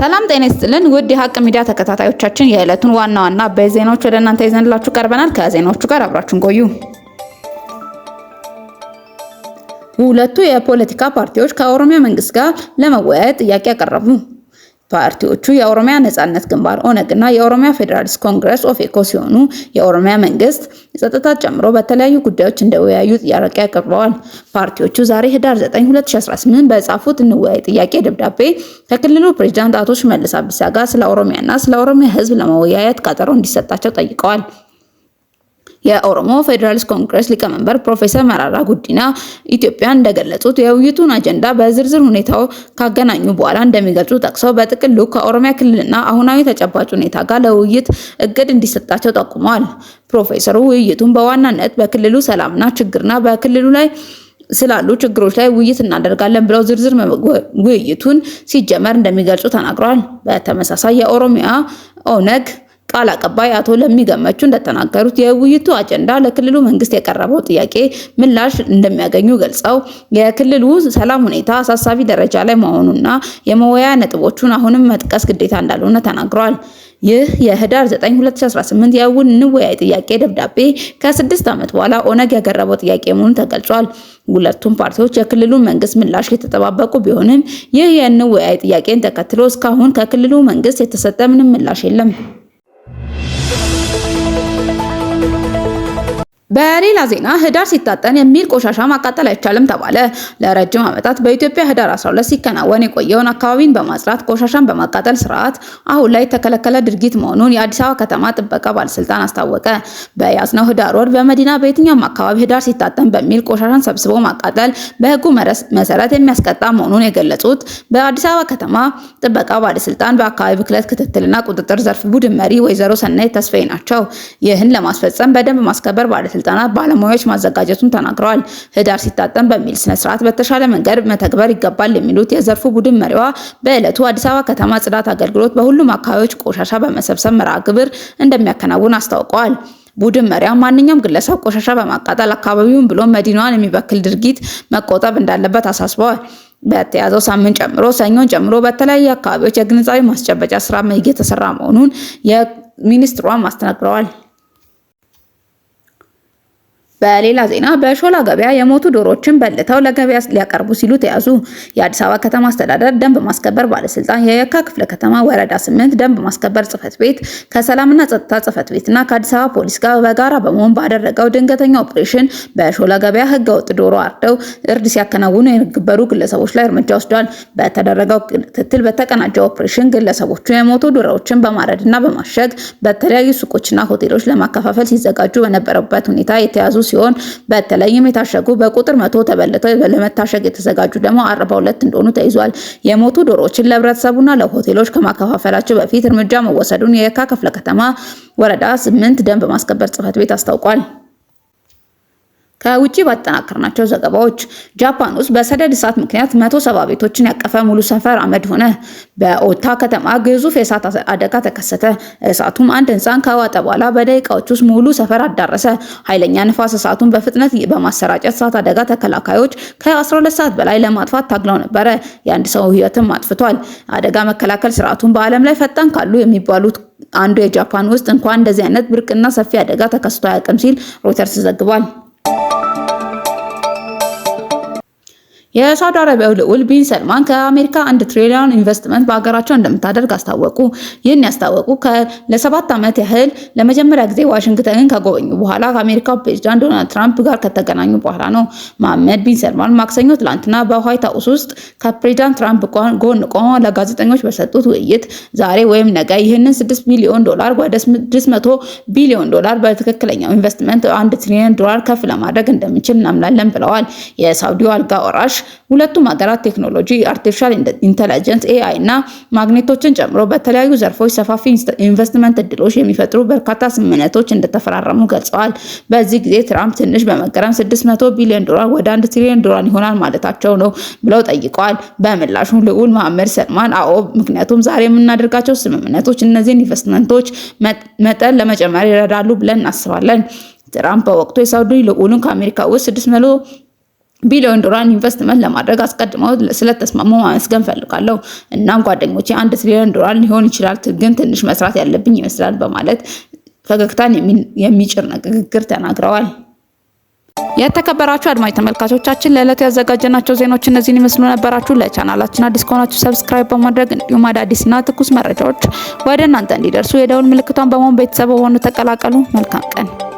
ሰላም ጤና ይስጥልን ውድ የሀቅ ሚዲያ ተከታታዮቻችን የዕለቱን ዋና ዋና አበይት ዜናዎች ወደ እናንተ ይዘንላችሁ ቀርበናል። ከዜናዎቹ ጋር አብራችሁን ቆዩ። ሁለቱ የፖለቲካ ፓርቲዎች ከኦሮሚያ መንግስት ጋር ለመወያየት ጥያቄ ያቀረቡ ፓርቲዎቹ የኦሮሚያ ነጻነት ግንባር ኦነግና የኦሮሚያ ፌዴራሊስት ኮንግረስ ኦፌኮ ሲሆኑ የኦሮሚያ መንግስት ጸጥታ ጨምሮ በተለያዩ ጉዳዮች እንደወያዩ ጥያቄ አቅርበዋል። ፓርቲዎቹ ዛሬ ህዳር 9 2018 በጻፉት እንወያይ ጥያቄ ደብዳቤ ከክልሉ ፕሬዚዳንት አቶ ሽመልስ አብዲሳ ጋር ስለ ኦሮሚያና ስለ ኦሮሚያ ህዝብ ለመወያየት ቀጠሮ እንዲሰጣቸው ጠይቀዋል። የኦሮሞ ፌዴራሊስት ኮንግረስ ሊቀመንበር ፕሮፌሰር መራራ ጉዲና ኢትዮጵያ እንደገለጹት የውይይቱን አጀንዳ በዝርዝር ሁኔታው ካገናኙ በኋላ እንደሚገልጹ ጠቅሰው በጥቅሉ ከኦሮሚያ ክልልና አሁናዊ ተጨባጭ ሁኔታ ጋር ለውይይት እቅድ እንዲሰጣቸው ጠቁመዋል። ፕሮፌሰሩ ውይይቱን በዋናነት በክልሉ ሰላምና ችግርና በክልሉ ላይ ስላሉ ችግሮች ላይ ውይይት እናደርጋለን ብለው ዝርዝር ውይይቱን ሲጀመር እንደሚገልጹ ተናግረዋል። በተመሳሳይ የኦሮሚያ ኦነግ ቃል አቀባይ አቶ ለሚ ገመቹ እንደተናገሩት የውይይቱ አጀንዳ ለክልሉ መንግስት የቀረበው ጥያቄ ምላሽ እንደሚያገኙ ገልጸው የክልሉ ሰላም ሁኔታ አሳሳቢ ደረጃ ላይ መሆኑና የመወያ ነጥቦቹን አሁንም መጥቀስ ግዴታ እንዳልሆነ ተናግረዋል። ይህ የህዳር 9 2018 የውን እንወያይ ጥያቄ ደብዳቤ ከስድስት ዓመት በኋላ ኦነግ ያቀረበው ጥያቄ መሆኑን ተገልጿል። ሁለቱም ፓርቲዎች የክልሉ መንግስት ምላሽ የተጠባበቁ ቢሆንም ይህ የእንወያይ ጥያቄን ተከትሎ እስካሁን ከክልሉ መንግስት የተሰጠ ምንም ምላሽ የለም። በሌላ ዜና ህዳር ሲታጠን የሚል ቆሻሻ ማቃጠል አይቻልም ተባለ። ለረጅም ዓመታት በኢትዮጵያ ህዳር 12 ሲከናወን የቆየውን አካባቢን በማጽራት ቆሻሻን በማቃጠል ስርዓት አሁን ላይ የተከለከለ ድርጊት መሆኑን የአዲስ አበባ ከተማ ጥበቃ ባለስልጣን አስታወቀ። በያዝነው ህዳር ወር በመዲና በየትኛውም አካባቢ ህዳር ሲታጠን በሚል ቆሻሻን ሰብስቦ ማቃጠል በህጉ መሰረት የሚያስቀጣ መሆኑን የገለጹት በአዲስ አበባ ከተማ ጥበቃ ባለስልጣን በአካባቢ ብክለት ክትትልና ቁጥጥር ዘርፍ ቡድን መሪ ወይዘሮ ሰናይት ተስፋዬ ናቸው። ይህን ለማስፈጸም በደንብ ማስከበር ባለስልጣን ባለስልጣናት ባለሙያዎች ማዘጋጀቱን ተናግረዋል። ህዳር ሲታጠን በሚል ስነስርዓት በተሻለ መንገድ መተግበር ይገባል የሚሉት የዘርፉ ቡድን መሪዋ በዕለቱ አዲስ አበባ ከተማ ጽዳት አገልግሎት በሁሉም አካባቢዎች ቆሻሻ በመሰብሰብ መርሃ ግብር እንደሚያከናውን አስታውቀዋል። ቡድን መሪያ ማንኛውም ግለሰብ ቆሻሻ በማቃጠል አካባቢውን ብሎ መዲናዋን የሚበክል ድርጊት መቆጠብ እንዳለበት አሳስበዋል። በተያዘው ሳምንት ጨምሮ ሰኞን ጨምሮ በተለያዩ አካባቢዎች የግንዛቤ ማስጨበጫ ስራ እየተሰራ መሆኑን የሚኒስትሯም አስተናግረዋል። በሌላ ዜና በሾላ ገበያ የሞቱ ዶሮዎችን በልተው ለገበያ ሊያቀርቡ ሲሉ ተያዙ። የአዲስ አበባ ከተማ አስተዳደር ደንብ ማስከበር ባለስልጣን የየካ ክፍለ ከተማ ወረዳ ስምንት ደንብ ማስከበር ጽህፈት ቤት ከሰላምና ጸጥታ ጽህፈት ቤትና ከአዲስ አበባ ፖሊስ ጋር በጋራ በመሆን ባደረገው ድንገተኛ ኦፕሬሽን በሾላ ገበያ ህገወጥ ዶሮ አርደው እርድ ሲያከናውኑ የነበሩ ግለሰቦች ላይ እርምጃ ወስዷል። በተደረገው ክትትል በተቀናጀ ኦፕሬሽን ግለሰቦቹ የሞቱ ዶሮዎችን በማረድና በማሸግ በተለያዩ ሱቆችና ሆቴሎች ለማከፋፈል ሲዘጋጁ በነበረበት ሁኔታ የተያዙ ሲሆን በተለይም የታሸጉ በቁጥር መቶ ተበልተው ለመታሸግ የተዘጋጁ ደግሞ አርባ ሁለት እንደሆኑ ተይዟል። የሞቱ ዶሮዎችን ለህብረተሰቡና ለሆቴሎች ከማከፋፈላቸው በፊት እርምጃ መወሰዱን የካ ክፍለ ከተማ ወረዳ ስምንት ደንብ ማስከበር ጽህፈት ቤት አስታውቋል። ከውጭ ባጠናከርናቸው ዘገባዎች ጃፓን ውስጥ በሰደድ እሳት ምክንያት መቶ ሰባ ቤቶችን ያቀፈ ሙሉ ሰፈር አመድ ሆነ። በኦታ ከተማ ግዙፍ የእሳት አደጋ ተከሰተ። እሳቱም አንድ ህንፃን ከዋጠ በኋላ በደቂቃዎች ውስጥ ሙሉ ሰፈር አዳረሰ። ኃይለኛ ንፋስ እሳቱን በፍጥነት በማሰራጨት እሳት አደጋ ተከላካዮች ከ12 ሰዓት በላይ ለማጥፋት ታግለው ነበረ። የአንድ ሰው ህይወትም አጥፍቷል። አደጋ መከላከል ስርዓቱን በዓለም ላይ ፈጣን ካሉ የሚባሉት አንዱ የጃፓን ውስጥ እንኳን እንደዚህ አይነት ብርቅና ሰፊ አደጋ ተከስቶ አያውቅም ሲል ሮይተርስ ዘግቧል። Thank you. የሳውዲ አረቢያው ልዑል ቢን ሰልማን ከአሜሪካ አንድ ትሪሊዮን ኢንቨስትመንት በሀገራቸው እንደምታደርግ አስታወቁ። ይህን ያስታወቁ ለሰባት ዓመት ያህል ለመጀመሪያ ጊዜ ዋሽንግተንን ከጎበኙ በኋላ ከአሜሪካው ፕሬዚዳንት ዶናልድ ትራምፕ ጋር ከተገናኙ በኋላ ነው። መሐመድ ቢን ሰልማን ማክሰኞ ትላንትና በዋይት ሀውስ ውስጥ ከፕሬዚዳንት ትራምፕ ጎን ቆሞ ለጋዜጠኞች በሰጡት ውይይት ዛሬ ወይም ነገ ይህንን 6 ቢሊዮን ዶላር ወደ 600 ቢሊዮን ዶላር በትክክለኛው ኢንቨስትመንት አንድ ትሪሊዮን ዶላር ከፍ ለማድረግ እንደምችል እናምናለን ብለዋል። የሳውዲው አልጋ ወራሽ ሁለቱም ሀገራት ቴክኖሎጂ አርቲፊሻል ኢንተለጀንስ ኤአይ እና ማግኔቶችን ጨምሮ በተለያዩ ዘርፎች ሰፋፊ ኢንቨስትመንት እድሎች የሚፈጥሩ በርካታ ስምምነቶች እንደተፈራረሙ ገልጸዋል። በዚህ ጊዜ ትራምፕ ትንሽ በመገረም 600 ቢሊዮን ዶላር ወደ 1 ትሪሊዮን ዶላር ይሆናል ማለታቸው ነው ብለው ጠይቀዋል። በምላሹ ልዑል መሐመድ ሰልማን አዎ፣ ምክንያቱም ዛሬ የምናደርጋቸው ስምምነቶች እነዚህን ኢንቨስትመንቶች መጠን ለመጨመር ይረዳሉ ብለን እናስባለን። ትራምፕ በወቅቱ የሳውዲ ልዑሉን ከአሜሪካ ውስጥ 600 ቢሊዮን ዶላር ኢንቨስትመንት ለማድረግ አስቀድመው ስለተስማሙ ማመስገን ፈልጋለሁ። እናም ጓደኞቼ አንድ ትሪሊዮን ዶላር ሊሆን ይችላል፣ ግን ትንሽ መስራት ያለብኝ ይመስላል በማለት ፈገግታን የሚጭር ንግግር ተናግረዋል። የተከበራችሁ አድማጭ ተመልካቾቻችን ለዕለቱ ያዘጋጀናቸው ዜናዎች እነዚህን ይመስሉ ነበራችሁ። ለቻናላችን አዲስ ከሆናችሁ ሰብስክራይብ በማድረግ እንዲሁም አዳዲስና ትኩስ መረጃዎች ወደ እናንተ እንዲደርሱ የደውል ምልክቷን በመሆን ቤተሰብ ሆኑ ተቀላቀሉ። መልካም ቀን